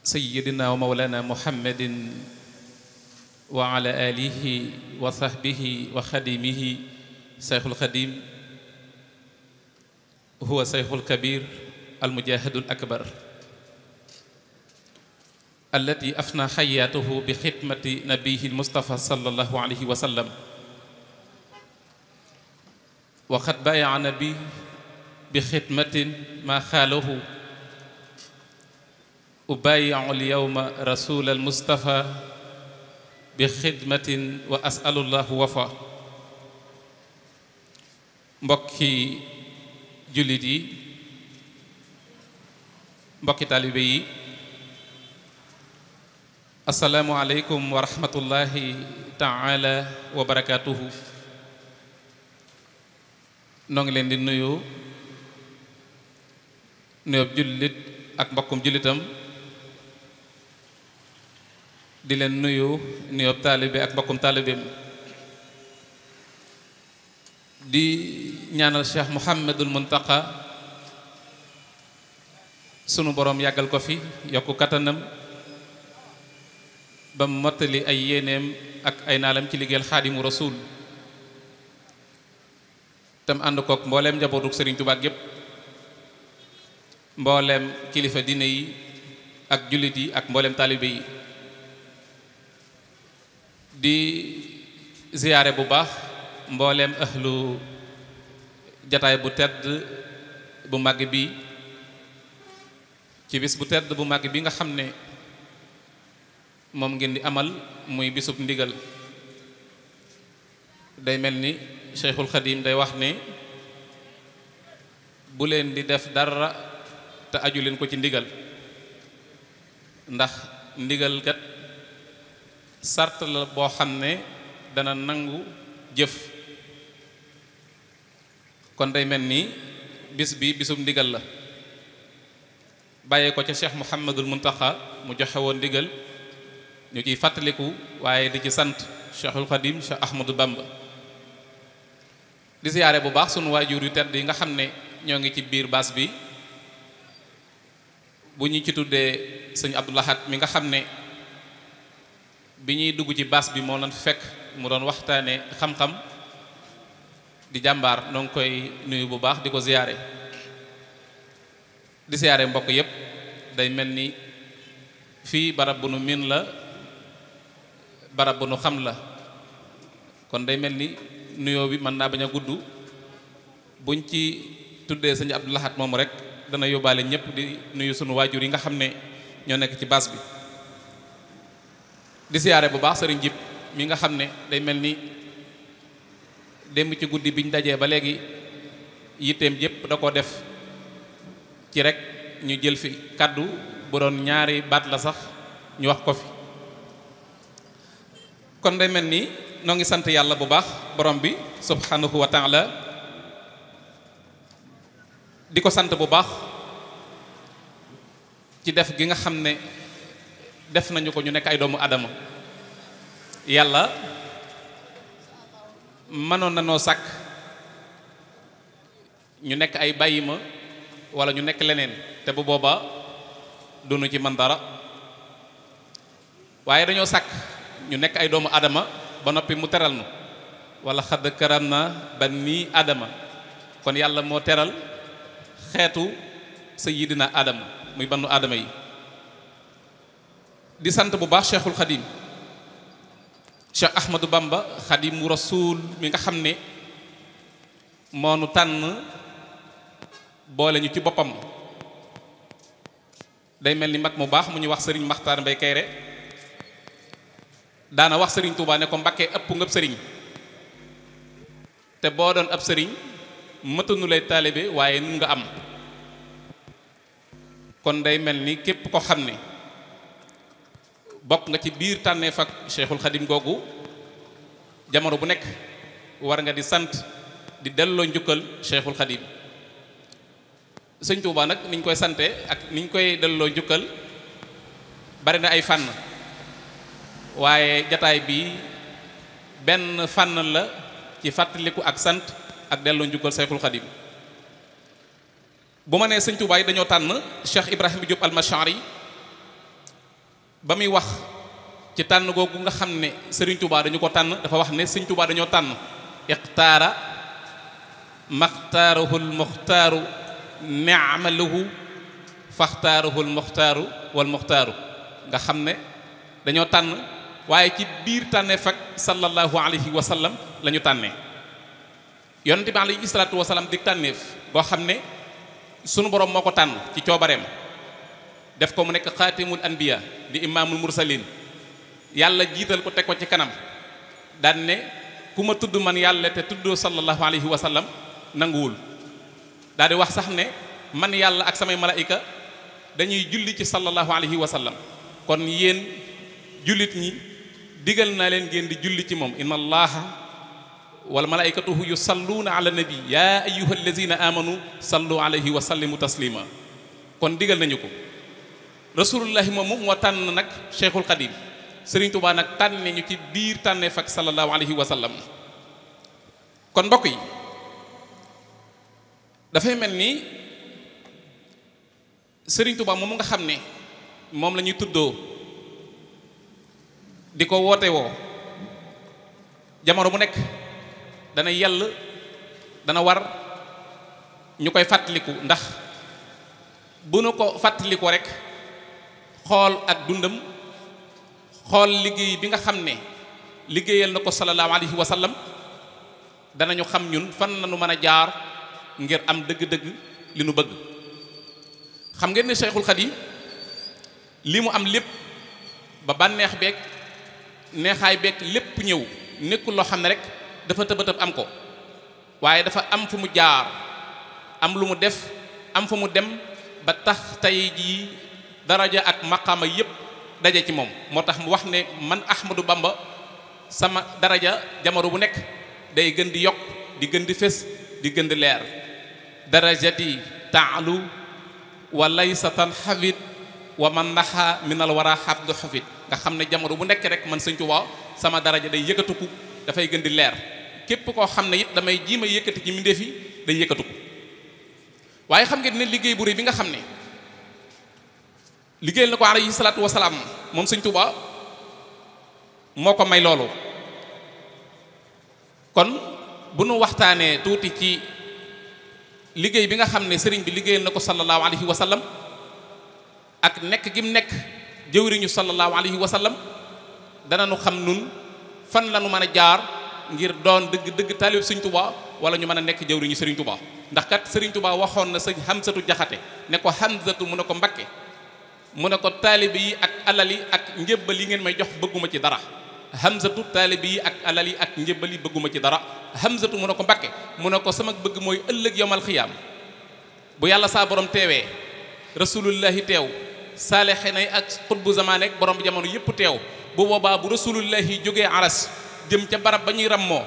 sayyidina wa mawlana muhammadin wa ala alihi wa sahbihi wa xadimihi sayxul xadim huwa sayxul kabir almujahidul akbar allati afna xayaatuhu bi xidmati nabihi almustafa sallallahu alayhi wa sallam wa qad baayaa nabi bi xidmatin ma xaalahu أبايع اليوم رسول المصطفى بخدمة وأسأل الله وفا mbokki jullit yi mbokki taalibe yi asalaamu aleykum wa rahmatullahi taala wa barakaatuhu noo ngi leen di nuyu nuyoob jullit ak mbokkum jullitam di leen nuyu nuyoob taalibe ak mbokkum taalibeem di ñaanal cheikh Mouhamadul Muntaqa sunu boroom yàggal ko fi yokk kattanam ba mu mottali ay yéeneem ak ay naalam ci liggéeyal xaadimu rasul tam ànd kook mbooleem njabootuk sëriñ Tuubaa yépp mbooleem kilifa diine yi ak jullit yi ak mbooleem taalibe yi di ziyaare bu baax mbooleem ahlu jataay bu tedd bu màgg bi ci bis bu tedd bu màgg bi nga xam ne moom ngeen di amal muy bisub ndigal day mel ni Cheikhul Khadim day wax ne bu leen di def dara te aju leen ko ci ndigal ndax ndigal kat sart la boo xam ne dana nangu jëf kon day mel ni bis bi bisum ndigal la bàyyee ko ca Cheikh Mouhamadul Muntaxa mu joxe woon ndigal ñu ciy fàttaliku waaye di ci sant Cheikhul Xadim Cheikh Ahmadou Bamba di siyaare bu baax sunu waajur yu tedd yi nga xam ne ñoo ngi ci biir baas bi bu ñu ci tuddee sëñ Abdoulahat mi nga xam ne bi ñuy dugg ci baas bi moo doon fekk mu doon waxtaane xam-xam di jàmbaar noo koy nuyu bu baax di ko ziyaare di ziyaare mbokk yépp day mel ni fii barab bu nu miin la barab bu nu xam la kon day mel ni nuyoo bi mën naa bañ a gudd buñ ci tuddee sëñ ab Lahad moomu rek dana yóbbaale ñëpp di nuyu sunu waajur yi nga xam ne ñoo nekk ci baas bi di bu baax sëriñ jib mi nga xam ne day mel ni démb ci guddi bi biñ dajee ba léegi yitteem yépp da ko def ci rek ñu jël fi kàddu bu doon ñaari baat la sax ñu wax ko fi kon day mel ni noo ngi sant yàlla bu baax borom bi subhanahu wa taala di ko sant bu baax ci def gi nga xam ne def nañu ko ñu nekk ay doomu adama yàlla mënoon na noo sàkk ñu nekk ay bàyyi ma wala ñu nekk leneen te bu booba dunu ci man dara waaye dañoo sàkk ñu nekk ay doomu adama ba noppi mu teral nu wala xadd karam na ba nii aadama kon yàlla moo teral xeetu sa sayidina adama muy bannu aadama yi di sant bu baax cheikhul xadim cheikh ahmadou bamba xadimu rasul mi nga xam ne moonu tànn boole ñu ci boppam day mel ni mag mu baax mu ñuy wax sëriñ maxtaar mbay kayre daana wax sëriñ tuubaa ne ko mbakkee ëpp ngëb sëriñ te boo doon ab sëriñ mëtanu lay taalibe waaye nun nga am kon day mel ni képp ko xam ne bokk nga ci biir tànneef ak Cheikhul Khadim googu jamono bu nekk war nga di sant di delloo njukkal Cheikhul Khadim sëñ nag niñ koy sante ak niñ koy delloo njukkal bari na ay fànn waaye jataay bi benn fànn la ci fàttaliku ak sant ak delloo njukkal Cheikhul Khadim bu ma nee sëñ Touba yi dañoo tànn Cheikh Ibrahima Diop al-Mashari ba muy wax ci tànn googu nga xam ne sëriñ tubaa dañu ko tànn dafa wax ne sëriñ tubaa dañoo tànn iqtaara maxtaarahu lmuxtaaru neamalahu faxtaarahu wal walmuxtaaru nga xam ne dañoo tànn waaye ci biir tànnee fag sallallahu alayhi wa sallam la ñu tànnee yonente bi alayhi salaatu wasalaam di tànneef boo xam ne sunu borom moo ko tànn ci coobareem def ko mu nekk xaatimul anbiya di imaamul mursalin yàlla jiital ko teg ko ci kanam daan ne ku ma tudd man yàlla te tuddoo sallallahu alayhi wa sallam nanguwul daal di wax sax ne man yàlla ak samay malaayika dañuy julli ci sallallahu alayhi wa kon yéen jullit ñi digal naa leen ngeen di julli ci moom inna allaha wal malaikatuhu yusalluuna ala nabi yaa ayyuha allazina amanu sallu alayhi wa sallimu taslima kon digal nañu ko rasulullahi moomu moo tànn nag cheikhul xadim sëriñ tubaa nag tànne ñu ci biir tànneef ak sallallahu alayhi wa sallam kon mbokk yi dafay mel ni sëriñ tubaa mu nga xam ne moom la ñuy tuddoo di ko woote woo jamono bu nekk dana yell dana war ñu koy fàttaliku ndax bu nu ko fàttalikoo rek xool ak dundam xool liggéey bi nga xam ne liggéeyal na ko sallallahu alayhi wa sallam danañu xam ñun fan la ñu mën a jaar ngir am dëgg-dëgg li nu bëgg xam ngeen ne Cheikhul li mu am lépp ba bànneex beeg neexaay beeg lépp ñëw nekkul loo xam ne rek dafa tëbëtëb am ko waaye dafa am fu mu jaar am lu mu def am fu mu dem ba tax tey jii daraja ak maqaama yépp daje ci moom moo tax mu wax ne man Ahmadou Bamba sama daraja jamono bu nekk day gën di yokk di gën di fés di gën di leer darajati taalu wa laysa tan xafit wa man naxa minal wara xabdu xafit nga xam ne jamono bu nekk rek man Sëñ Tuubaa sama daraja day yëkkatuku dafay gën di leer képp koo xam ne it damay jiima yëkkati ci mbindéef yi day yëkkatuku waaye xam nga ne liggéey bu rëy bi nga xam ne liggéeyal na ko alayhi salaatu wasalaam moom sëñ Tuuba moo ko may loolu kon bu nu waxtaanee tuuti ci liggéey bi nga xam ne sëriñ bi liggéeyal na ko sallallahu alayhi wa sallam ak nekk gi mu nekk jëwriñu sallallahu alayhi wa sallam dana nu xam nun fan lanu mën a jaar ngir doon dëgg dëgg taalib sëñ Tuuba wala ñu mën a nekk jëwriñu sëriñ Tuuba ndax kat sëriñ Tuuba waxoon na sëñ Hamsatu Jaxate ne ko Hamsatu mu ne ko Mbakke mu ne ko taalibe yi ak alal yi ak njébbal yi ngeen may jox bëgguma ci dara hamzatu taalibe yi ak alal yi ak njébbal yi bëgguma ci dara hamzatu mu ne ko mbakke mu ne ko sama bëgg mooy ëllëg yowmal xiyaam bu yàlla saa borom teewee rasulullahi teew saalexe nay ak xutbu zamaan ak borom jamono yépp teew bu boobaa bu rasulullahi jógee aras jëm ca barab ba ñuy rammoo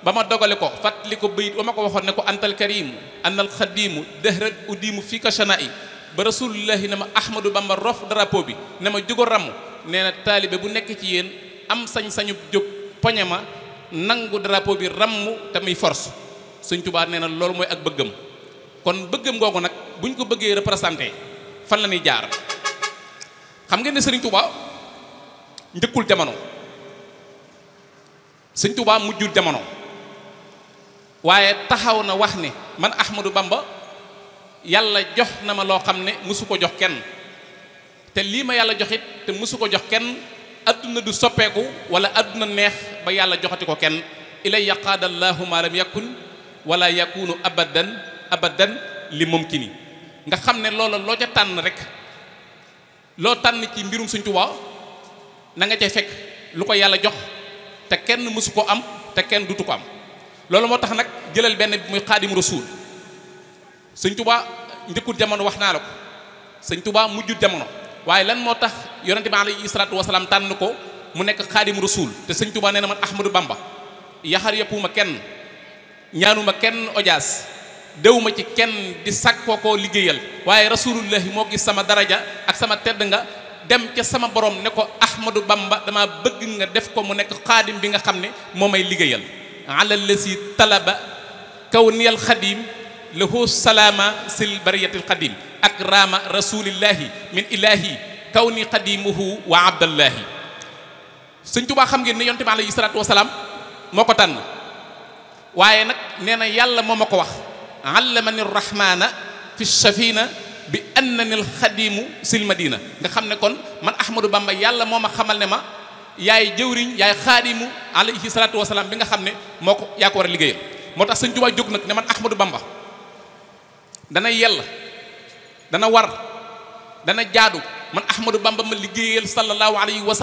ba ma dogale ko fàttali ko bayit ba ma ko waxoon ne ko antal karimu annal xadimu dëhrat udimu fii ka shana'i ba rasulullahi ne ma ahmadou bamba rof darapo bi ne ma jógo ramm nee na taalibe bu nekk ci yéen am sañ-sañu jóg poñe ma nangu drapeau bi ramm te muy force sëñ tubaa nee na loolu mooy ak bëggam kon bëggam googu nag buñ ko bëggee représenté fan la ñuy jaar xam ngeen ne sëriñ tubaa njëkkul jamono sëñ tubaa mujjul jamono waaye taxaw na wax ni man ahmadou bamba yàlla jox na ma loo xam ne mësu ko jox kenn te lii ma yàlla joxit te mësu ko jox kenn àdduna du soppeeku wala àdduna neex ba yàlla joxati ko kenn ilaya qaada allahu ma lam yakun wala yakunu abadan abadan li ni nga xam ne loola loo ca tànn rek loo tànn ci mbirum Sëñ Tuubaa na nga ca fekk lu ko yàlla jox te kenn mësu ko am te kenn dutu ko am loolu moo tax nag jëlal benn bi muy xaadimu rasuul sëñ tubaa njëkkul jamono wax naa la ko sëñ tubaa mujj jamono waaye lan moo tax yonente bi alayhi salaatu wasalaam tànn ko mu nekk xaadim rasul te sëñ tubaa nee na man ahmadou bamba yaxar yëppuma kenn ñaanuma kenn ojaas dewuma ci kenn di sàkkoo ko liggéeyal waaye rasulullahi moo gis sama daraja ak sama tedd nga dem ca sama borom ne ko ahmadou bamba dama bëgg nga def ko mu nekk xaadim bi nga xam ne moo may liggéeyal ala lasi talaba kaw niyal xadim lahu salaama sil bariyatil qadim ak raama rasulillahi min ilahi kawni qadimuhu wa abdallahi sëñ tubaa xam ngeen ne yonte bi alayhi salaatu wasalaam moo ko tànn waaye nag nee na yàlla moo ma ko wax allamani rahmaana fi safina bi annani alxadimu sil madina nga xam ne kon man ahmadou bamba yàlla moo ma xamal ne ma yaay jëwriñ yaay xaadimu alayhi salaatu wasalaam bi nga xam ne moo ko yaa ko war a liggéeyal moo tax sëñ tubaa jóg nag ne man ahmadou bamba dana yell dana war dana jaadu man Ahmadou Bamba ma liggéeyal sallallahu alayhi wa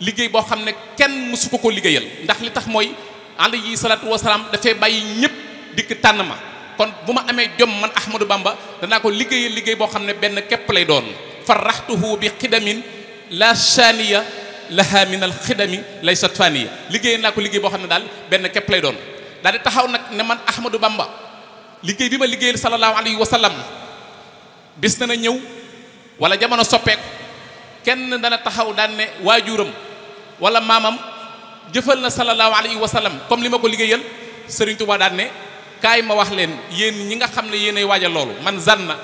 liggéey boo xam ne kenn mësu ko ko liggéeyal ndax li tax mooy alayhi salaatu wasalaam dafay bàyyi ñëpp dikk tànn ma kon bu ma amee jom man Ahmadou Bamba danaa ko liggéeyal liggéey boo xam ne benn képp lay doon faraxtuhu bi xidamin la shaniya laha min al xidami laysat yi liggéeyal naa ko liggéey boo xam ne daal benn képp lay doon daal di taxaw nag ne man Ahmadou Bamba liggéey bi ma liggéeyal sallallahu alayhi wa sallam bis dana ñëw wala jamono soppeeku kenn dana taxaw daan ne waajuram wala maamam jëfal na sallallahu alayhi wa sallam comme li ma ko liggéeyal Sëriñ Tuubaa daan ne kaay ma wax leen yéen ñi nga xam ne yéenay waajal loolu man zanna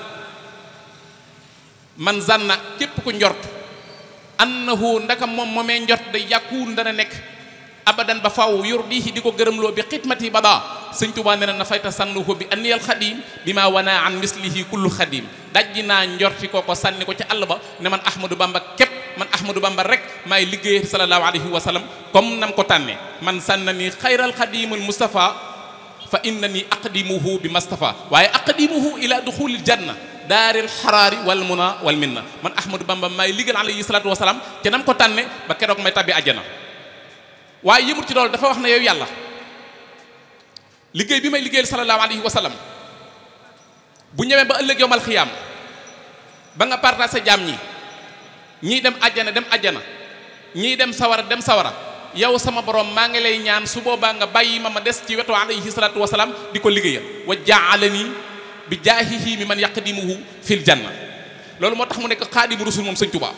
man zanna képp ku njort annahu ndaka moom moomee njort day yàkkuwul dana nekk abadan ba faw yurdihi di ko gërëmloo bi xidmati bada sëñ Tuubaa nee na na fayta sànnuhu bi anniyal xadim bi maa wanaa an mislihi kullu xadim dajji naa njorti ko ko sànni ko ca àll ba ne man Ahmadou Bamba képp man Ahmadou Bamba rek maay liggéey sallallahu alayhi wa sallam comme nam ko tànne man sànna ni xayral xadimul Mustafa fa inna ni aqdimuhu bi Mustafa waaye aqdimuhu ila duxulil janna daaril xaraari wal muna wal minna man Ahmadou Bamba maay liggéeyal alayhi salaatu wa salaam ca nam ko tànne ba keroog may tabbi àjjana waaye yëmut ci loolu dafa wax na yow yàlla liggéey bi may liggéeyal sallallahu alayhi wa sallam bu ñëwee ba ëllëg yowmal xiyaam ba nga partagé sa jaam ñi ñii dem ajjana dem ajjana ñii dem sawara dem sawara yow sama borom maa ngi lay ñaan su boobaa nga bàyyi ma ma des ci wetu alayhi salatu wasalaam di ko liggéeyal wa jaalani bi jaahihi mi man yaqdimuhu fil janna loolu moo tax mu nekk xaadimu rusul moom sëñ Tuubaa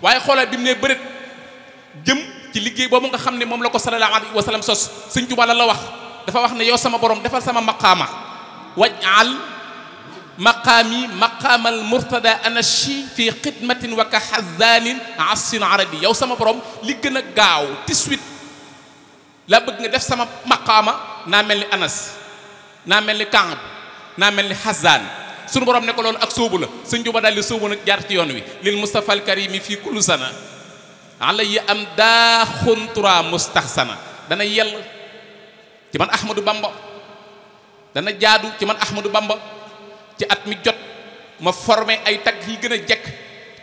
waaye xoolal bi mu ne bëreet jëm ci liggéey boobu nga xam ne moom la ko sallallahu alayhi wa sallam sos sëñ Tuubaa la la wax dafa wax ne yow sama borom defal sama maqaama waj'al maqaami maqaamal murtada anashi fi xidmatin wa ka xazanin asin arabi yow sama borom li gën a gaaw ti suite laa bëgg nga def sama maqaama naa mel ni anas naa mel ni Kaab naa mel ni xazaan sunu borom ne ko loolu ak sóobu la sëñ Tuubaa daal di sóobu nag jaar ci yoon wi lil Mustafa al Karimi fii kullu sana alayya am daa xuntura mustaxsana dana yell ci man axmadu Bamba dana jaadu ci man Ahmadou Bamba ci at mi jot ma formé ay tagg yi gën a jekk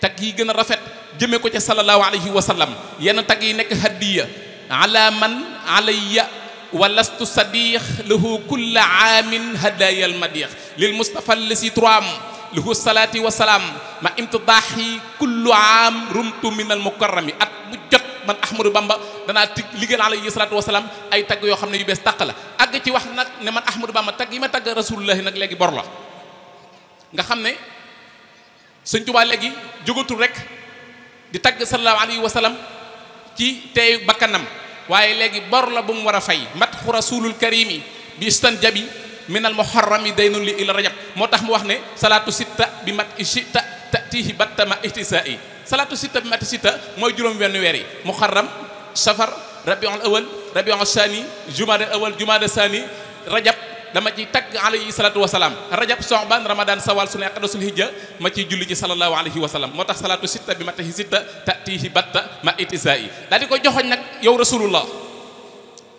tagg yi gën a rafet jëmee ko ca sallallahu alayhi wa sallam yenn tagg yi nekk hadiya ala man alayya wa lastu sadix lahu kulla aamin hadaya almadix lil mustapha lesi turam lahu salaati wa salaam ma imtu daaxi kullu aam rumtu min al mukarrami at bu jot man ahmadou bamba danaa tig liggéeyal la salaatu wasalaam ay tagg yoo xam ne yu bees tàq la àgg ci wax nag ne man ahmadou bamba tagg yi ma tagg rasulullahi nag léegi bor la nga xam ne sëñ tubaa léegi jógatul rek di tagg sallallahu alayhi wa salaam ci teeyu bakkanam waaye léegi bor la bu mu war a fay mat xu rasulul karimi bi stan jabi minal muharrami daynun li ila rajab moo tax mu wax ne salaatu sitta bi mat i sitta tatihi battama ihtisa i salaatu sitta bi mat i sitta mooy juróom wenn weer yi muharram safar rabiul awal rabiul sani jumada awal jumada sani rajab dama ci tagg alayhi salatu wasalaam rajab soban ramadan sawal su ne aqdasul hijja ma ciy julli ci salallahu alayhi wa salaam moo tax salaatu sitta bi matahi sitta tatihi batta ma itisa yi daal di ko joxoñ nag yow rasulullah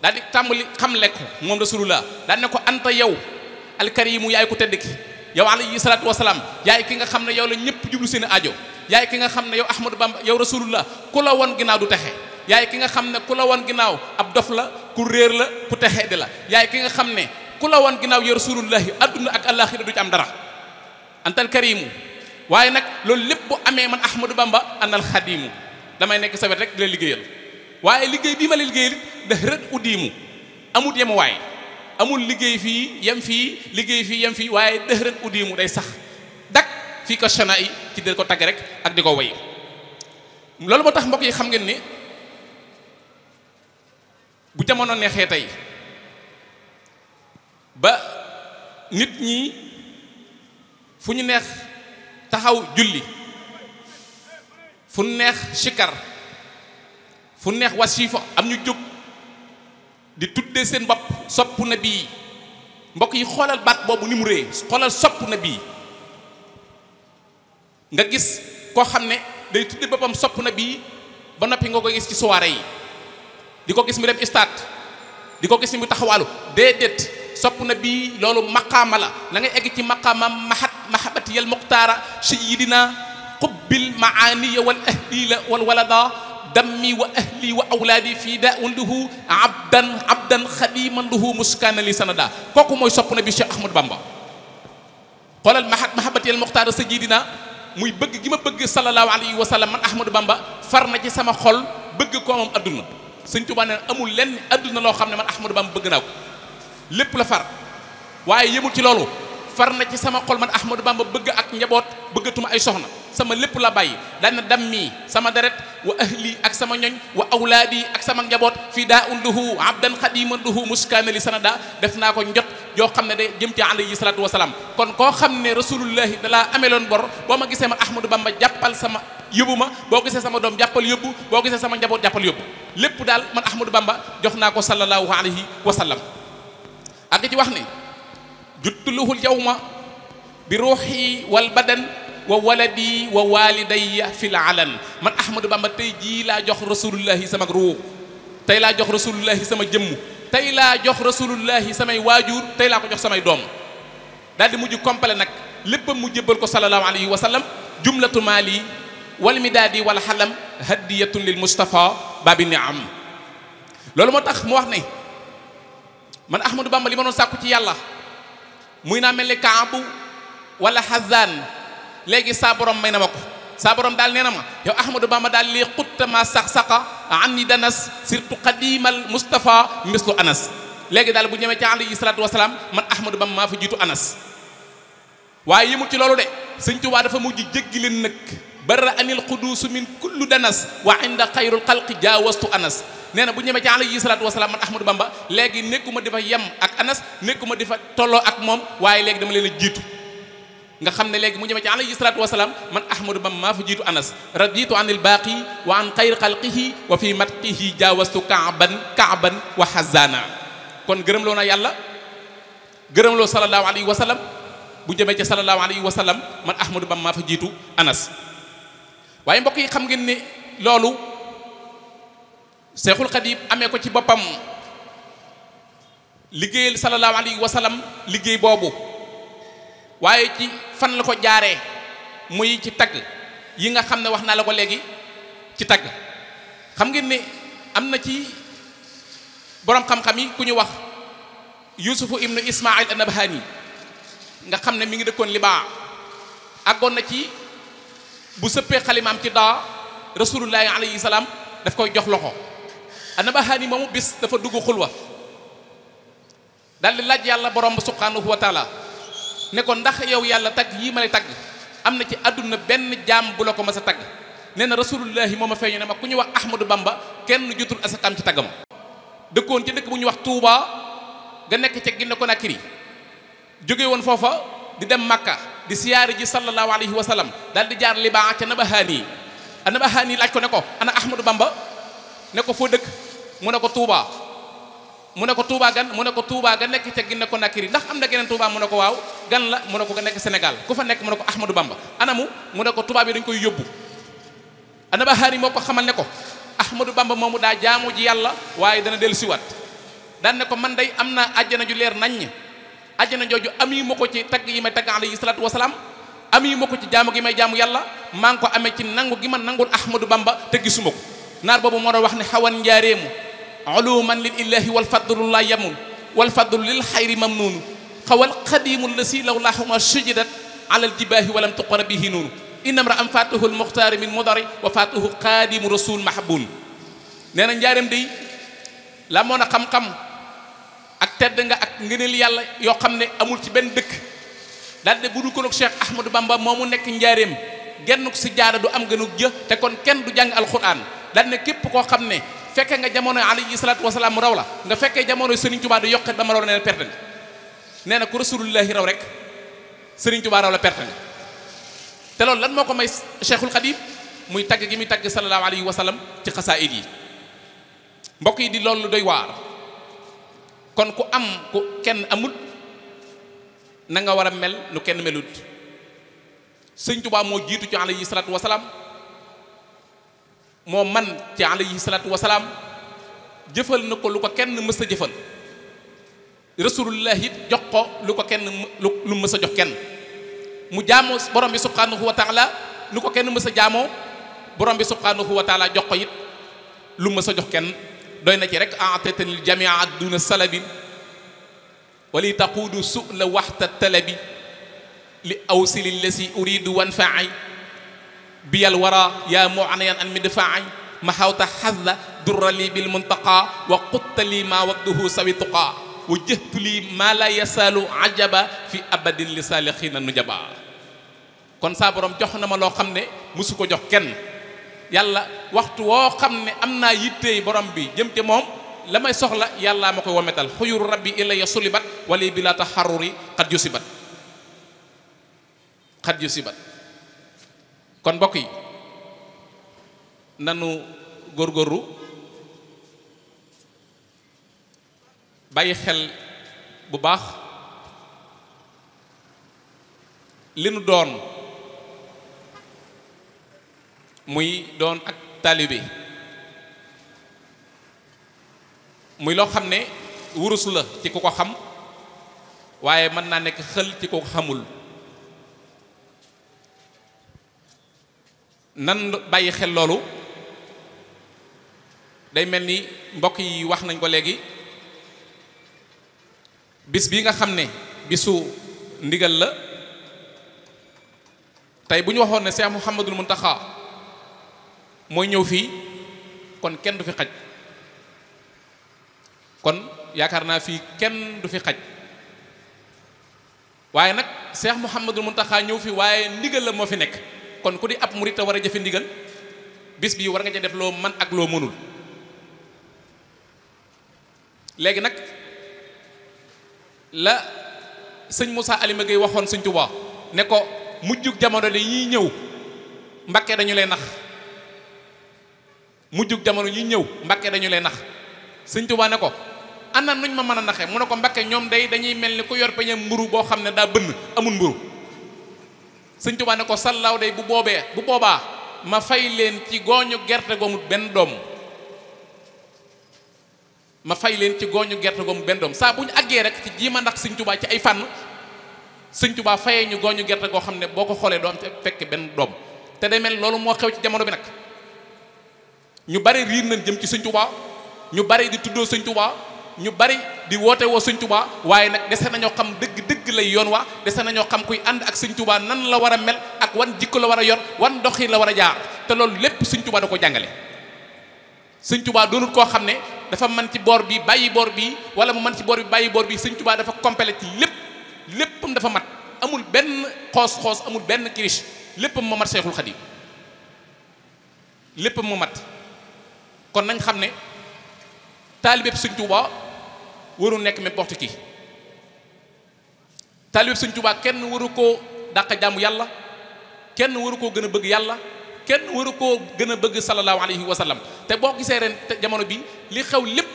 daal di tàmbali xamle ko moom rasulullah daal ne ko anta yow alkarimu yaay ko tedd ki yow alayhi salaatu wasalaam yaay ki nga xam ne yow la ñëpp jublu seen ajo yaay ki nga xam ne yow ahmadou bamba yow rasulullah ku la won ginnaaw du texe yaay ki nga xam ne ku la won ginnaaw ab dof la ku réer la ku texe di la yaay ki nga xam ne ku la won ginnaaw ya rasulullahi adduna ak alaxira du ci am dara antal karimu waaye nag loolu lépp bu amee man ahmadou bamba anal xadimu damay nekk sa wet rek di la liggéeyal waaye liggéey bii dëxërët uddiimu amut yem waay amul liggéey fii yem fii liggéey fii yem fii waaye dëxërët mu day sax dak fii ko shana ci di ko tagg rek ak di ko woy loolu moo tax mbokk yi xam ngeen ni bu jamono neexee tey ba nit ñi fu ñu neex taxaw julli fu neex sikar fu neex wasifa am ñu jóg di tuddee seen bopp sopp na bii mbokk yi xoolal baat boobu ni mu ree xoolal sopp na bii nga gis koo xam ne day tudde boppam sopp na bii ba noppi nga ko gis ci soirée yi di ko gis mu dem stade di ko gis mu taxawaalu déedéet sopp na bii loolu maqaama la na ngay egg ci maqaama mahat mahabati yal muxtaara sayidina qubbil maaniya wal ahlila wal walada dammi wa ahli wa awlaadi fii da unduhu ab abdan abdan xadiman lahu muskaana li sanada kooku mooy sopp na bi Cheikh Ahmadou Bamba xoolal mahat mahabati al muxtaara sa na muy bëgg gi ma bëgg sallallahu alayhi wa man Ahmadou Bamba far na ci sama xol bëgg koo moom adduna sëñ Tuubaa amul lenn àdduna loo xam ne man Ahmadou Bamba bëgg naa ko lépp la far waaye yëmul ci loolu far na ci sama xol man Ahmadou Bamba bëgg ak njaboot bëggatuma ay soxna sama lépp la bàyyi daan na dam mii sama deret wa ahli ak sama ñoñ wa awlaadi ak sama njaboot fii daa un duhu abdan xadiman duhu muskaana li sanada def naa ko njot yoo xam ne de jëm ci alayhi salaatu wasalaam kon koo xam ne rasulullahi dalaa ameloon bor boo ma gisee man Ahmadou Bamba jàppal sama yóbbu ma boo gisee sama doom jàppal yóbbu boo gisee sama njaboot jàppal yóbbu lépp daal man Ahmadou Bamba jox naa ko sallallahu alayhi wa sallam ak ci wax ne juttuluhul yawma bi ruuxi wal badan wa waladi wa walidayya fil alan man ahmadou bamba tey jii laa jox rasulullahi sama ruux tey laa jox rasulullahi sama jëmm tey laa jox rasulullahi samay waajur tey laa ko jox samay doom daal di mujj complet nag lépp mu jébbal ko sallallahu alayhi wa sallam jumlatu maali wal midaadi wal xalam hadiyatun lil mustafa babi niam loolu moo tax mu wax ne man ahmadou bamba li ma doon sàkku ci yàlla muy naa mel ni kaabu wala xazaan léegi saa may na ma ko saa daal nee na ma yow ba ma daal lii xuttama sax-saqa an ni danas surtout qadimal moustapha mislu anas léegi daal bu ñëwee ci alayhi salaatu wasalaam man ahmadou bamba maa fi jiitu anas waaye yëmul ci loolu de sëñ waa dafa mujj jéggi leen nag barra anil quduusu min kullu danas wa inda xayrul xalqi jaawastu anas nee na bu ñëmee ci alayhi salaatu wasalaam man ahmadou bamba léegi nekkuma difa yem ak anas nekkuma difa tolloo ak moom waaye léegi dama leen a jiitu nga xam ne léegi mu ñëmee ci alayhi salaatu wasalaam man ahmadou bamba maa fa jiitu anas raditu an il baaqi wa an xayr xalqihi wa fi matqihi jaawastu kaaban kaaban wa xazana kon gërëm loo na yàlla gërëmloo sallallahu alayhi wa sallam bu jëmee ci sallallahu alayhi wa sallam man ahmadou bamba maa fa jiitu anas waaye mbokk yi xam ngeen ni loolu seexul xadiim amee ko ci boppam liggéeyal sallallahu alayhi wa liggéey boobu waaye ci fan la ko jaaree muy ci tagg yi nga xam ne wax naa la ko léegi ci tagg xam ngeen ne am na ci boroom xam-xam yi ku ñu wax yusufu ibnu ismail an-nabhani nga xam ne mi ngi dëkkoon libaa àggoon na ci bu sëppee xalimaam ci daa rasulullahi alayhi salaam daf koy jox loxo anabahaani moomu bis dafa dugg xulwa daal di laaj yàlla borom subhanahu wa taala ne ko ndax yow yàlla tagg yii ma lay tagg am na ci àdduna benn jaam bu la ko mas a tagg nee na moom mooma feeñu ne ma ku ñu wax ahmadou bamba kenn jutul asakam ci taggam dëkkoon ci dëkk bu ñuy wax tuuba nga nekk ca Guinée Conakry jóge woon foofa di dem makka di siyaari ji sallallahu alayhi wa sallam daal di jaar libaa ca nabahaani yi nabahaani yi laaj ko ne ko ana ahmadou bamba ne ko foo dëkk mu ne ko tuubaa mu ne ko tuubaa gan mu ne ko tuubaa ga nekk ca ginne ko nakiri ndax am na geneen tuubaa mu ne ko waaw gan la mu ne ko ga nekk sénégal ku fa nekk mu ne ko ahmadou bamba anamu mu ne ko tubaab yi dañ koy yóbbu nabahaani moo ko xamal ne ko ahmadou bamba moomu daa jaamu ji yàlla waaye dana dellusiwaat daan ne ko man day am naa àjjana ju leer naññ na jooju am yi ma ko ci tagg yi may tagg alayhi salaatu wasalaam am yi ma ko ci jaamu gi may jaamu yàlla maa ngi ko amee ci nangu gi ma nangul ahmadou bamba te gisuma ko naar boobu moo doon wax ne xawan njaareemu uluman lil illahi wal fadlu la yamun wal fadlu lil xayri mamnuunu xawal xadimu lasi law laahuma sujidat ala aljibaahi walam tuqara bihi nuunu inam ra am fatuhu almuxtaari min mudari wa fatuhu xaadimu rasul mahabun nee na njaareem day la moon a xam ak tedd nga ak ngëneel yàlla yoo xam ne amul ci benn dëkk daal de bu dul ko nag Cheikh Ahmadou moo mu nekk njaareem genn si jaara du am gënu jë te kon kenn du jàng alxuraan daal ne képp koo xam ne fekke nga jamono alayhi salaatu wasalaam raw la nga fekkee jamono Serigne Touba du yokkat ba ma raw la nee na perte nga nee na ku rasulullahi raw rek Serigne Touba raw la perte nga te loolu lan moo ko may Cheikhul Khadim muy tagg gi muy tagg sallallahu alayhi wa sallam ci xasaayid yi mbokk yi di loolu doy waar. kon ku am ku kenn amul nanga war a mel nu kenn melut sëñ Tuubaa moo jiitu ci alayhi salaatu wasalaam moo man ci alayhi salaatu wasalaam jëfal na ko lu ko kenn mës a jëfal rasulullah it jox ko lu ko kenn lu mës a jox kenn mu jaamoo borom bi subhanahu wa taala lu ko kenn mës a jaamoo borom bi subhanahu wa taala jox ko yit lu mës a jox kenn doy na ci rek entetanil jamia ak duna salabin wali taquudu su la waxta talabi li awsili lesi uridu wan faay biyal wara yaa muanayan an midfaay maxawta xadda durrali bil muntaqa wa quttali ma waqduhu sawi tuqa wa jëhtu lii maa la yasaalu ajaba fi abadin li saalixiina nujaba kon saa borom jox na ma loo xam ne mosu ko jox kenn yàlla waxtu woo xam ne am naa yittey borom bi jëm te moom la may soxla yàllaa ma koy wometal xuyuru rabbi ilaya sulibat wali bi la taxaruri xat yu si bat yu sibat kon mbokk yi nanu góorgóorlu bàyyi xel bu baax li nu doon muy doon ak taalibe muy loo xam ne wurus la ci ko ko xam waaye mën naa nekk xël ci ku ko xamul nan bàyyi xel loolu day mel ni mbokk yi wax nañ ko léegi bis bii nga xam ne bisu ndigal la tey bu ñu waxoon ne Cheikh Mouhamadul Mountakha mooy ñëw fii kon kenn du fi xaj kon yaakaar naa fii kenn du fi xaj waaye nag Cheikh Mouhamadul Mountakha ñëw fii waaye ndigal la moo fi nekk kon ku di ab murit war a jëfe ndigal bis bii war nga ca def loo man ak loo mënul léegi nag la sëñ Moussa Alima Gueye waxoon sëñ Tuubaa ne ko mujjug jamono de ñuy ñëw Mbàkke dañu lay nax mujjug jamono ñi ñëw mbakke dañu leen nax sëñ Tuubaa ne ko ana nuñ ma mën a naxee mu ne ko mbakke ñoom day dañuy mel ni ku yor peñe mburu boo xam ne daa bënn amul mburu sëñ Tuubaa ne ko sallaaw day bu boobee bu boobaa ma fay leen ci gooñu gerte goomut benn doom ma fay leen ci gooñu gerte goomut benn doom saa bu ñu àggee rek ci jii ma ndax sëñ Tuubaa ci ay fànn sëñ Tuubaa fayee ñu gooñu gerte goo xam ne boo ko xoolee doo am fekk benn doom te day mel loolu moo xew ci jamono bi nag ñu bari riir nañ jëm ci sëñ Tuubaa ñu bari di tuddoo sëñ Tuubaa ñu bari di woote woo sëñ Tuubaa waaye nag dese nañoo xam dëgg dëgg lay yoon waa dese nañoo xam kuy ànd ak sëñ Tuubaa nan la war a mel ak wan jikko la war a yor wan doxin la war a jaar te loolu lépp sëñ Tuubaa da ko jàngale sëñ tubaa doonut koo xam ne dafa mën ci boor bi bàyyi boor bi wala mu mën ci boor bi bàyyi boor bi sëñ Tuubaa dafa complet ci lépp léppam dafa mat amul benn xoos-xoos amul benn kirish léppam moo mat Seexul Xadiim léppam moo mat kon nañ xam ne taalibeb Sëñ Tuuba waru nekk n'importe qui taalibeb Sëñ Tuuba kenn waru koo daq jaamu yàlla kenn waru koo gën a bëgg yàlla kenn waru koo gën a bëgg sallallahu alayhi wa sallam te boo gisee ren jamono bi li xew lépp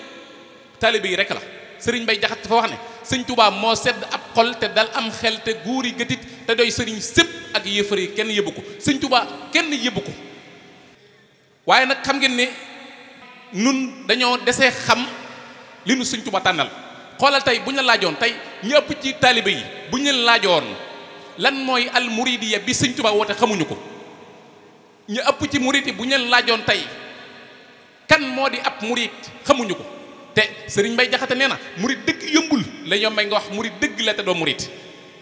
taalibe yi rek la sëriñ bay jaxat dafa wax ne sëñ Tuubaa moo sedd ab xol te dal am xel te guur yi gëtit te doy sëriñ sëpp ak yëfër yi kenn yëbbu ko sëñ Tuubaa kenn yëbbu ko waaye nag xam ngeen ne nun dañoo desee xam li nu Sëñ Tuubaa tànnal xoolal tey bu ñu laajoon tey ñu ëpp ci taalibe yi bu ñu la laajoon lan mooy al muridiya bi Sëñ Tuubaa woote xamuñu ko ñu ëpp ci murid yi bu ñu laajoon tey kan moo di ab murid xamuñu ko te Sëriñ Mbay Jaxate nee na murid dëgg yombul la yombay nga wax murid dëgg la te doo murid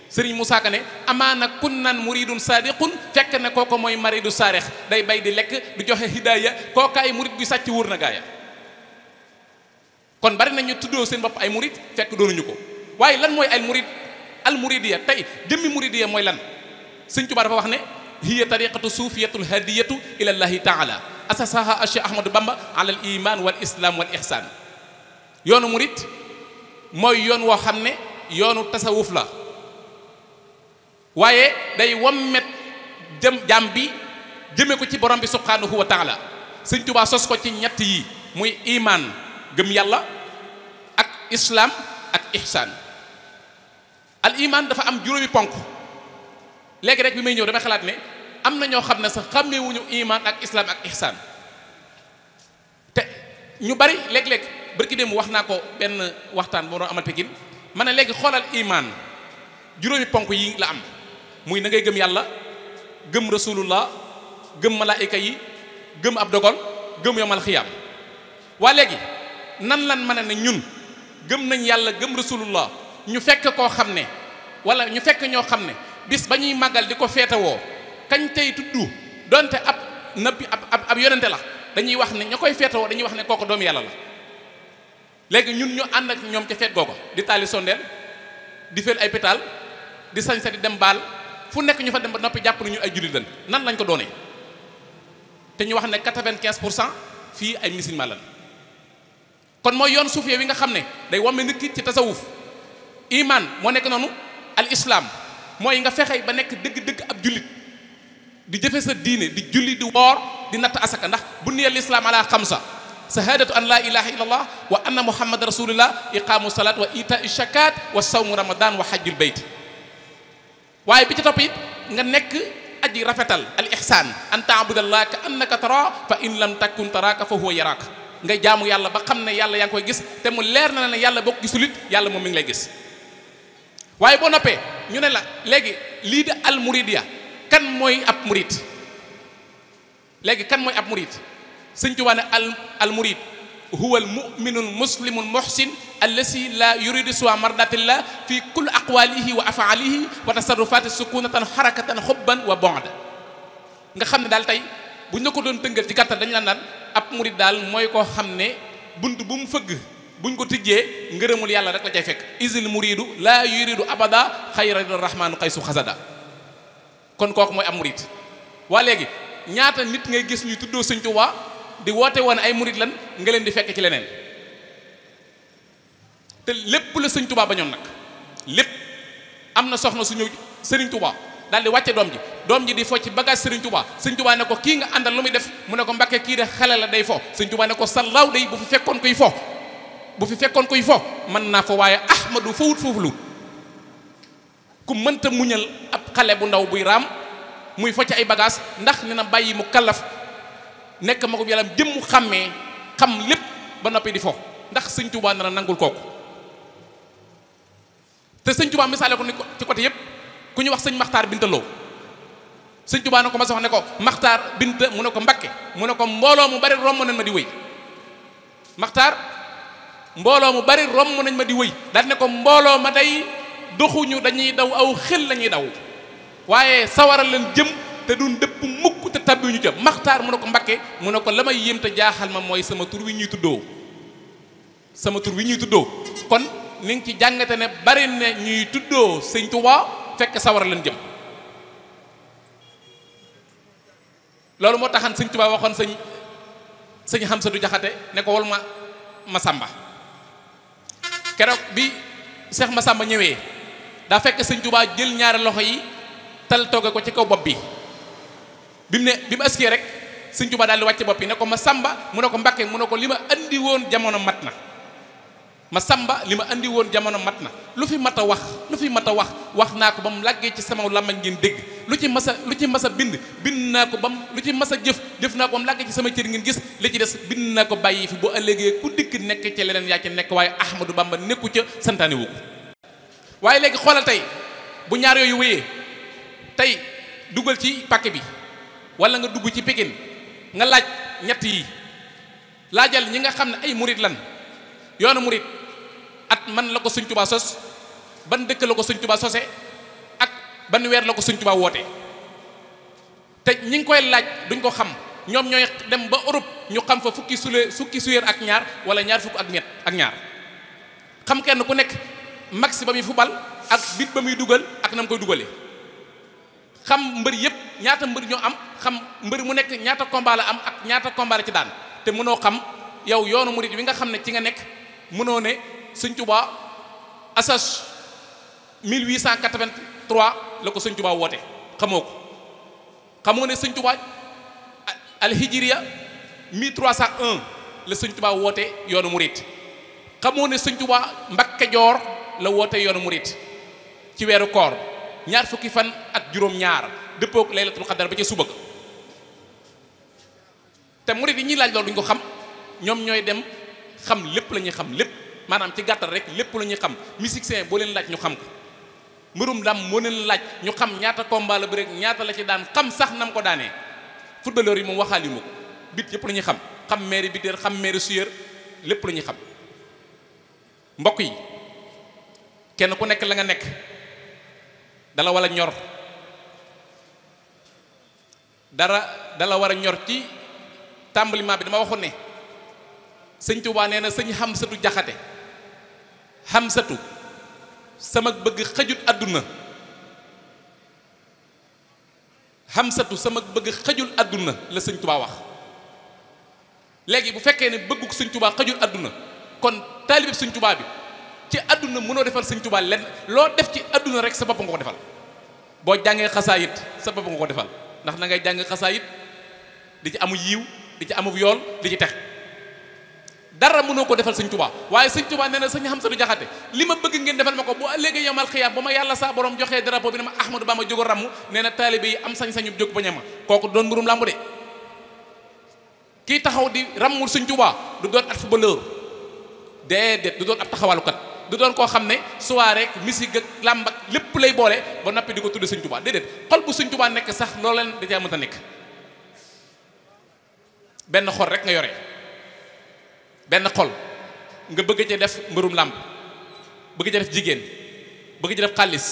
sëriñ Moussa Ka ne amaana kunnan muridun sadiqun fekk ne kooku mooy maridu saarex day bay di lekk du joxe hidaaya kookaay murid bi sàcc wóor na gaaya kon bari nañu tuddoo seen bopp ay murid fekk doonuñu ko waaye lan mooy ay murid al muridiya tey jëmmi muridiya mooy lan sëñ Tuubaa dafa wax ne hiya tariqatu suufiyatul hadiyatu ila llahi taala asasaha Cheikh Ahmadou Bamba ala al iman wal islam wal ihsan yoonu murid mooy yoon woo xam ne yoonu tasawuf la waaye day wammet jëm jaam bi jëmme ko ci borom bi subhanahu wa taala sëñ tubaa sos ko ci ñett yi muy iman gëm yàlla ak islaam ak ihsaan al iman dafa am juróomi ponk léegi rek bi may ñëw dama xalaat ne am na ñoo xam ne sax xàmmewuñu imaan ak islaam ak ihsaan te ñu bari léeg-léeg bërki dem wax naa ko benn waxtaan boo doon amal Pikine ma ne léegi xoolal iman juróomi ponk yi la am muy na ngay gëm yàlla gëm rasulullah gëm malaayika yi gëm ab dogal gëm yomal xiyaam waa léegi nan lan mën a ne ñun gëm nañ yàlla gëm rasulullah ñu fekk koo xam ne wala ñu fekk ñoo xam ne bis ba ñuy màggal di ko feetewoo kañ tey tudd donte ab nabi ab ab yonente la dañuy wax ne ña koy feetewoo dañuy wax ne kooku doomu yàlla la léegi ñun ñu ànd ak ñoom ca feet googu di taali sondeel di fel ay pétal di sañsa di dem baal fu nekk ñu fa dem ba noppi jàpp nañu ay jullit lan nan lañ ko doonee te ñu wax ne quatre-vingt-quinze pour cent fii ay musulman la kon mooy yoon suufee wi nga xam ne day wamme nit ki ci tasawuf imaan moo nekk noonu al islaam mooy nga fexe ba nekk dëgg-dëgg ab jullit di jëfe sa diine di julli di woor di natt asaka ndax bu niyal islam ala sa shahadatu an la ilaha illa allah wa anna muhammad rasulullah iqamu salaat wa ita shakat wa sawmu ramadan wa hajjul bayt waaye bi ci topp it nga nekk aji rafetal al ihsaan an taabudallah ka annaka tara fa in lam takun taraka fa huwa yaraaka nga jaamu yàlla ba xam ne yàlla yaa ngi koy gis te mu leer na ne yàlla boo ko gisul it yàlla moom mi ngi lay gis waaye boo noppee ñu ne la léegi lii de al muridiya kan mooy ab murid léegi kan mooy ab murid sëñ Tuubaa ne al al murid huwa almuminu almuslimu almuhsin allazi la yuridu siwa mardatillah fi kulli aqwalihi wa afaalihi wa tasarrufati sukunatan harakatan hubban wa bonda nga xam ne daal tey buñ la ko doon tënkal ci gàttal dañu la naan ab murid daal mooy koo xam ne bunt bu mu fëgg buñ ko tijjee ngërëmul yàlla rek la cay fekk isil muridu la yuridu abada xayrarahmanu xaysu xasada kon kooku mooy ab murid waa léegi ñaata nit ngay gis ñuy tuddoo sëñ Tuubaa di woote woon ay murit lan nga leen di fekk ci leneen te lépp la sëñ tubaa bañoon nag lépp am na soxna suñu ñëw sëriñ tubaa daal di wàcce doom ji doom ji di fo ci bagage sëriñ tubaa sëñ tubaa ne ko kii nga àndal lu muy def mu ne ko mbakke kii de xale la day fo sëñ tubaa ne ko sa law day bu fi fekkoon koy fo bu fi fekkoon koy fo mën naa fo waaye ahmadu fawut foofu lu ku mënta muñal ab xale bu ndaw buy raam muy focc ay bagage ndax ne na bàyyi mu kallaf nekk magum jëm mu xàmmee xam lépp ba noppi di fo ndax sëñ Tuubaa na nangul kooku te sëñ Tuubaa misaale ko ni ko ci côté yëpp ku ñu wax sëñ Maxtaar Binta Lo sëñ Tuubaa na ko ma wax ne ko Maxtaar Binta mu ne ko Mbakke mu ne ko mbooloo mu bari romb nañ ma di wëy Maxtaar mbooloo mu bari romb nañ ma di wëy daal ne ko mbooloo ma day doxuñu dañuy daw aw xel lañuy daw waaye sawaral leen jëm te duñ dëpp mukk mukk te tabbi ñu ca maxtaar mu ne ko mbakke mu ne ko lamay may jaaxal ma mooy sama tur wi ñuy tuddoo sama tur wi ñuy tuddoo kon ni nga ci jàngate ne bari na ñuy tuddoo sëñ Tuubaa fekk sawar leen jëm loolu moo taxan sëñ Tuubaa waxoon sëñ sëñ Xamsatu Jaxate ne ko wol ma Masamba keroog bi Seex Masamba ñëwee daa fekk sëñ Tuubaa jël ñaari loxo yi tal togge ko ci kaw bopp bi bi mu ne bi mu askee rek sëñ juba daal di wàcce bopp yi ne ko ma samba mu ne ko Mbàkke mu ne ko li ma andi woon jamono mat na ma samba li ma indi woon jamono mat na lu fi mat a wax lu fi mat a wax wax naa ko ba mu làggee ci sama làmmañ ngeen dégg lu ci mas a lu ci mas a bind bind naa ko ba mu lu ci mas a jëf jëf naa ko ba ci sama cër ngeen gis li ci des bind naa ko bàyyi fi bu ëllëgee ku dikk nekk ci leneen yaa ci nekk waaye Ahmadou Bamba nekku ca santaane wu ko waaye léegi xoolal tey bu ñaar yooyu wéyee tey dugal ci pàkk bi wala nga dugg ci Pikine nga laaj ñett yi laajal ñi nga xam ne ay murit lan yoonu murit at man la ko Sëñ Tuubaa sos ban dëkk la ko Sëñ Tuubaa sose ak ban weer la ko Sëñ Tuubaa woote te ñi ngi koy laaj duñ ko xam ñoom ñooy dem ba Europe ñu xam fa fukki sule fukki suyeer ak ñaar wala ñaar fukk ak ñett ak ñaar xam kenn ku nekk max ba muy fubal ak bit ba muy dugal ak na mu koy dugalee xam mbër yëpp ñaata mbër ñoo am xam mbër mu nekk ñaata combat am ak ñaata combat ci daan te mënoo xam yow yoonu murid wi nga xam ne ci nga nekk mënoo ne sëñ Tuubaa asas 1883 la ko sëñ Tuubaa woote xamoo ko xamoo ne sëñ Tuubaa alhijriya 1301 la sëñ woote yoonu murit xamoo ne sëñ Tuubaa Mbakke Kajoor la woote yoonu murit ci weeru koor ñaar fukki fan ak juróom-ñaar dëppook laylatul xadar ba ca suba te murid yi ñuy laaj loolu duñ ko xam ñoom ñooy dem xam lépp la ñuy xam lépp maanaam ci gàttal rek lépp la ñuy xam musicien boo leen laaj ñu xam ko mbërum dam moo leen laaj ñu xam ñaata combat la bi rek ñaata la ci daan xam sax nam ko daanee footballeur yi moom waxaali yi ko bit yépp la ñuy xam xam maire biteer xam maire suyeur lépp la ñuy xam mbokk yi kenn ku nekk la nga nekk dala war a ñor dara dala war a ñor ci tàmbaliment bi dama waxoon ne sëñ Tuubaa nee na sëñ Xamsatu Jaxate Xamsatu sama bëgg xëjut àdduna Xamsatu sama bëgg xëjul àdduna la sëñ Tuubaa wax léegi bu fekkee ne bëgguk sëñ tubaa xëjul àdduna kon taalibeb sëñ Tuubaa bi ci àdduna mënoo defal sëñ Tuubaa lenn loo def ci àdduna rek sa bopp nga ko defal boo jàngee xasaa yit sa bopp nga ko defal ndax na ngay jàng yit di ci amu yiw di ci amu yool di ci tex dara mënoo ko defal sëñ Tuubaa waaye sëñ Tuubaa nee na sa Hamsatu Jaxate li ma bëgg ngeen defal ma ko bu léegi yomal xiyaam ba ma yàlla saa borom joxee drapeau bi ne ma Ahmadou Bamba jóg a ràmm nee na taalibe yi am sañ-sañu jóg bañ a ma kooku doon mbirum làmb de taxaw di ràmmul sëñ Tuubaa du doon at footballeur déedéet du doon ab taxawalukat du doon koo xam ne soirée rek musique ak làmb ak lépp lay boole ba noppi di ko tudd sëñ Tuubaa déedéet xol bu sëñ Tuubaa nekk sax loolu leen da caa mënta nekk benn xol rek nga yore benn xol nga bëgg ca def mbërum làmb bëgg ca def jigéen bëgg ca def xaalis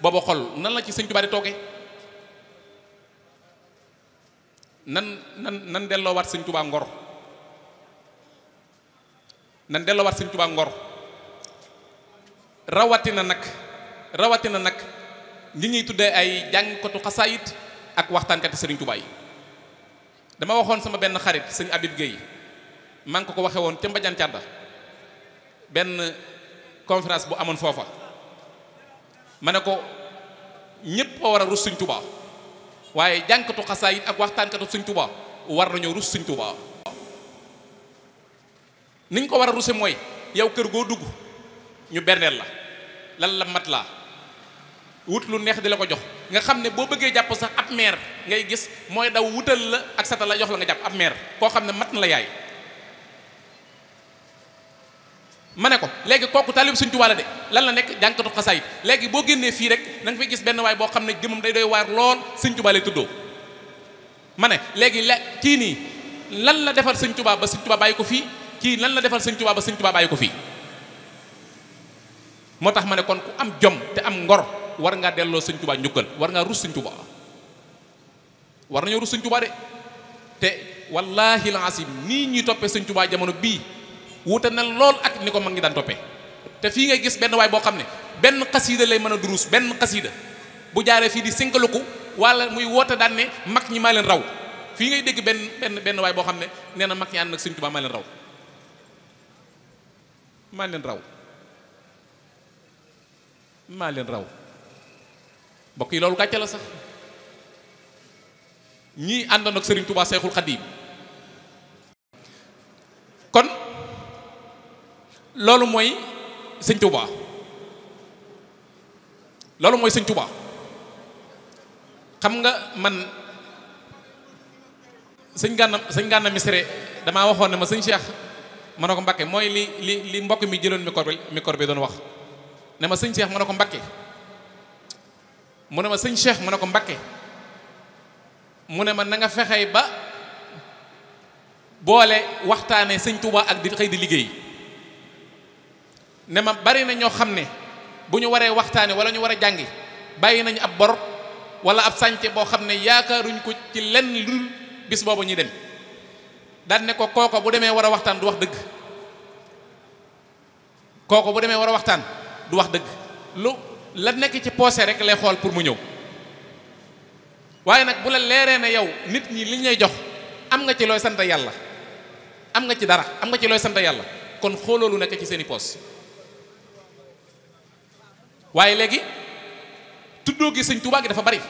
booba xol nan la ci sëñ Tuubaa di toogee nan nan nan delloowaat sëñ Tuubaa ngor nan delloowaat sëñ Tuubaa ngor na nag rawatina nag ñi ñuy tuddee ay jàngkatu xasaayit ak waxtaankati sëriñ Tuubaa yi dama waxoon sama benn xarit sëñ Abib Guèye maa ngi ko ko waxee woon ca Mbadiane Thiada benn conférence bu amoon foofa ma ne ko ñépp a war a rus sëñ Tuubaa waaye jàngkatu xasaayit ak waxtaankatu sëñ Tuubaa war nañoo rus sëñ Tuubaa niñ ko war a ruse mooy yow kër goo dugg ñu berneel la lan la mat laa wut lu neex di la ko jox nga xam ne boo bëggee jàpp sax ab meer ngay gis mooy daw wutal la ak sata la la nga jàpp ab meer koo xam ne mat na la yaay ma ne ko léegi kooku taalib Sëriñ Tuubaa la de lan la nekk jànkatu xasaayit léegi boo génnee fii rek da nga gis benn waay boo xam ne jëmam day doy waar lool Sëriñ Tuubaa lay tuddoo ma ne léegi le kii nii lan la defar suñ Tuubaa ba Sëriñ Tuubaa bàyyi ko fii kii lan la defal Sëriñ Tuubaa ba bàyyi ko fii moo tax ma ne kon ku am jom te am ngor war ngaa delloo sëñ tubaa njukkal war ngaa rus sëñ tubaa war nañoo rus sëñ tubaa de te wallaahi laasim nii ñuy toppee sëñ tubaa jamono bii wuute na lool ak ni ko mag ngi daan toppee te fii ngay gis benn waay boo xam ne benn xasiida lay mën a duruus benn xasiida bu jaaree fii di sinkaluku walla muy woote daan ne mag ñi maa leen raw fii ngay dégg benn benn benn waay boo xam ne nee na mag ñi ànd nag sëñ tubaa maa leen raw maa leen raw maa leen raw mbokk yi loolu gàcce la sax ñii àndoon ak Serigne Touba Seexul Xadiim kon loolu mooy sëñ loolu mooy sëñ Touba xam nga man sëñ gànna sëñ gànna misre damaa waxoon ne ma sëñ Cheikh ma ne ko Mbàkke mooy li li li mbokk mi jëloon micro bi micro bi doon wax ne ma sëñ Cheikh ma ne ko Mbakke mu ne ma sëñ Cheikh ma ne Mbakke mu ne ma na nga ba boole waxtaane sëñ Touba ak di xëy di liggéey ne ma bari na ñoo xam ne bu ñu waree waxtaane wala ñu war a jàngi bàyyi nañu ab bor wala ab sànce boo xam ne yaakaaruñ ko ci lenn lu bis boobu ñuy dem daan ne ko kooko bu demee war a waxtaan du wax dëgg kooko bu demee war a waxtaan du wax dëgg lu la nekk ci poose rek lay xool pour mu ñëw waaye nag bu la leeree na yow nit ñi li ñu lay jox am nga ci looy sant yàlla am nga ci dara am nga ci looy sant yàlla kon xooloo lu nekk ci seen i poos waaye léegi tuddoo gi sëñ Tuubaa gi dafa bari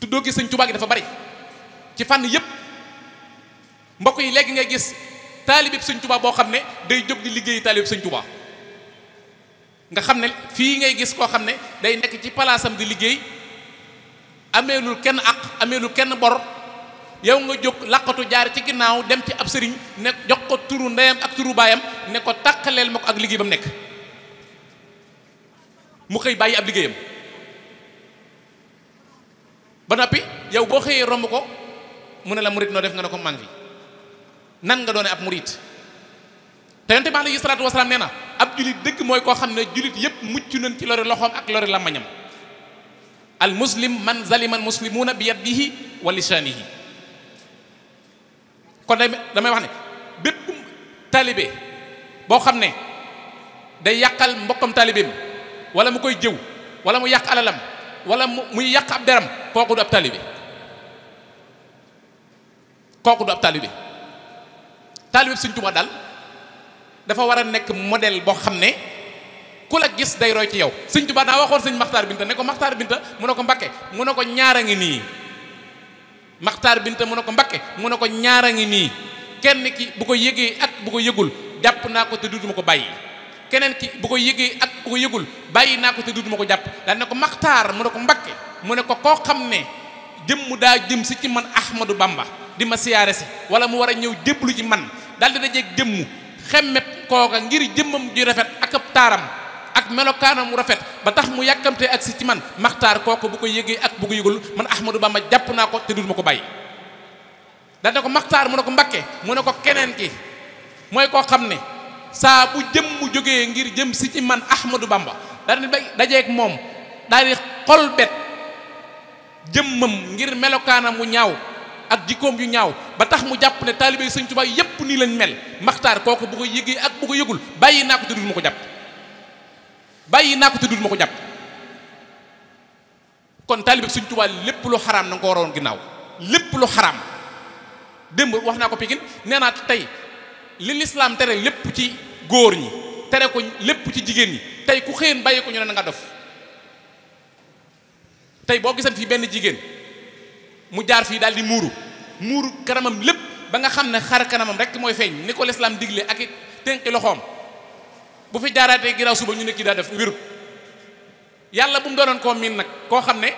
tuddoo gi sëñ Tuubaa dafa bari ci fànn yépp mbokk yi léegi ngay gis taalibeb sëñ tubaa boo xam ne day jóg di liggéey taalibeb sëñ Tuubaa nga xam ne fii ngay gis koo xam ne day nekk ci palaasam di liggéey ameelul kenn ak ameelul kenn bor yow nga jóg laqatu jaar ci ginnaaw dem ci ab sëriñ ne jox ko turu ndeyam ak turu baayam ne ko taqaleel ma ko ak liggéey ba mu nekk mu xëy bàyyi ab liggéeyam ba noppi yow boo xëyee romb ko mu ne la murit noo def nga ne ko man yi nan nga doone ab murit te yonte bi alayhi salaatu wasalaam nee na ab julit dëgg mooy koo xam ne julit yépp mucc nañ ci lori loxoom ak lori làmmañam al muslim man zalima al muslimuuna bi yadihi wa lisaanihi kon day damay wax ne bépp taalibe boo xam ne day yàqal mbokkam taalibeem wala mu koy jëw wala mu yàq alalam wala mu muy yàq ab deram kooku du ab taalibe kooku du ab taalibeb Sëriñ Tuubaa dal dafa war a nekk modèle boo xam ne ku la gis day roy ci yow Sëriñ Tuubaa daa waxoon sëñ Maxtaar Binta ne ko Maxtaar Binta mu ne ko Mbakke mu ne ko ñaara ngi nii Maxtaar Binta mu ne ko Mbakke mu ne ko ñaara ngi nii kenn ki bu ko yëgee ak bu ko yëgul jàpp naa ko te duutuma ko bàyyi keneen ki bu ko yëgee ak bu ko bàyyi naa ko te duutuma ko jàpp daal ne ko Maxtaar mu ne ko Mbakke mu ne ko koo xam ne jëmm daa jëm si ci man Ahmadou Bamba di ma siyaare si wala mu war a ñëw jébbalu ci man daal di dajeeg jëmm xemmep kooka ngir jëmmam ji rafet ak ab taaram ak melokaanam mu rafet ba tax mu yàkkamtee ak si ci man maxtaar kooku bu ko yëgee ak bu ko yëgul man Ahmadou Bamba jàpp naa ko te dul ma ko bàyyi daal ko maxtaar mu ne ko mbakke mu ne ko keneen ki mooy koo xam ne saa bu jëmm jógee ngir jëm si ci man Ahmadou Bamba daal di dajeeg moom daal di xol jëmmam ngir melokaanam mu ñaaw ak jikkoom yu ñaaw ba tax mu jàpp ne taalibe yi sëñ yépp nii lañ mel maxtaar kooku bu ko yëgee ak bu ko yëgul bàyyi naa ko te ma ko jàpp bàyyi naa ko te ma ko jàpp kon taalibe sëñ Tuubaa lépp lu xaraam na nga ko waroon ginnaaw lépp lu xaraam démb wax naa ko Pikine nee naa tey li lislaam tere lépp ci góor ñi tere ko lépp ci jigéen ñi tey ku xëyeen bàyyi ko ñu ne na nga dof tey boo giseen fii benn jigéen mu jaar fii daal di muuru muur kanamam lépp ba nga xam ne xar kanamam rek mooy feeñ ni ko lislaam digle ak i tënki loxoom bu fi jaaraatee ginnaaw suba ñu ne kii daa def wérut yàlla bu mu doonoon koo miin nag koo xam ne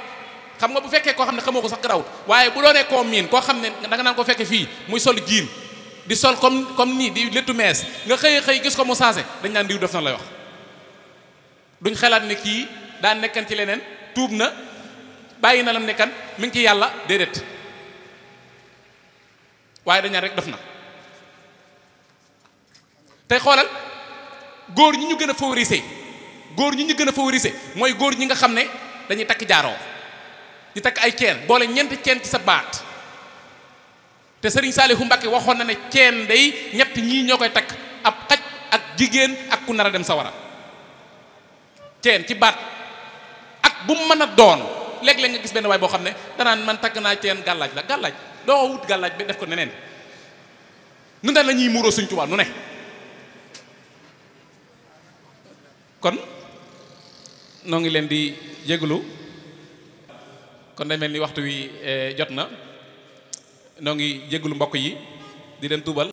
xam nga bu fekkee koo xam ne xamoo ko sax garaawut waaye bu doonee koo miin koo xam ne danga naan ko fekke fii muy sol jiin di sol comme comme nii di léttu mees nga xëye xëy gis ko mu saase dañ naan diw def na lay wax duñ xalaat ne kii daa nekkan ci leneen tuub na bàyyi na lam nekkan mi ci yàlla déedéet waaye dañaan rek dof na tey xoolal góor ñi ñu gën a favoriser góor ñi ñu gën a favoriser mooy góor ñi nga xam ne dañuy takk jaaroo di takk ay ceen boole ñeenti ceen ci sa baat te sëriñ Serigne Saliou Mbacké waxoon na ne ceen day ñett ñii ñoo koy takk ab xaj ak jigéen ak ku nar a dem sawara ceen ci baat ak bu mu mën a doon léeg-léeg nga gis benn waay boo xam ne danaan man takk naa ceen gàllaaj la gàllaaj doo wut gàllaaj bi def ko neneen nu ne la ñuy muuroo suñ Tuubaa nu ne kon noo ngi leen di jégalu kon day mel ni waxtu wi eh, jot na noo ngi jégalu mbokk yi di leen tuubal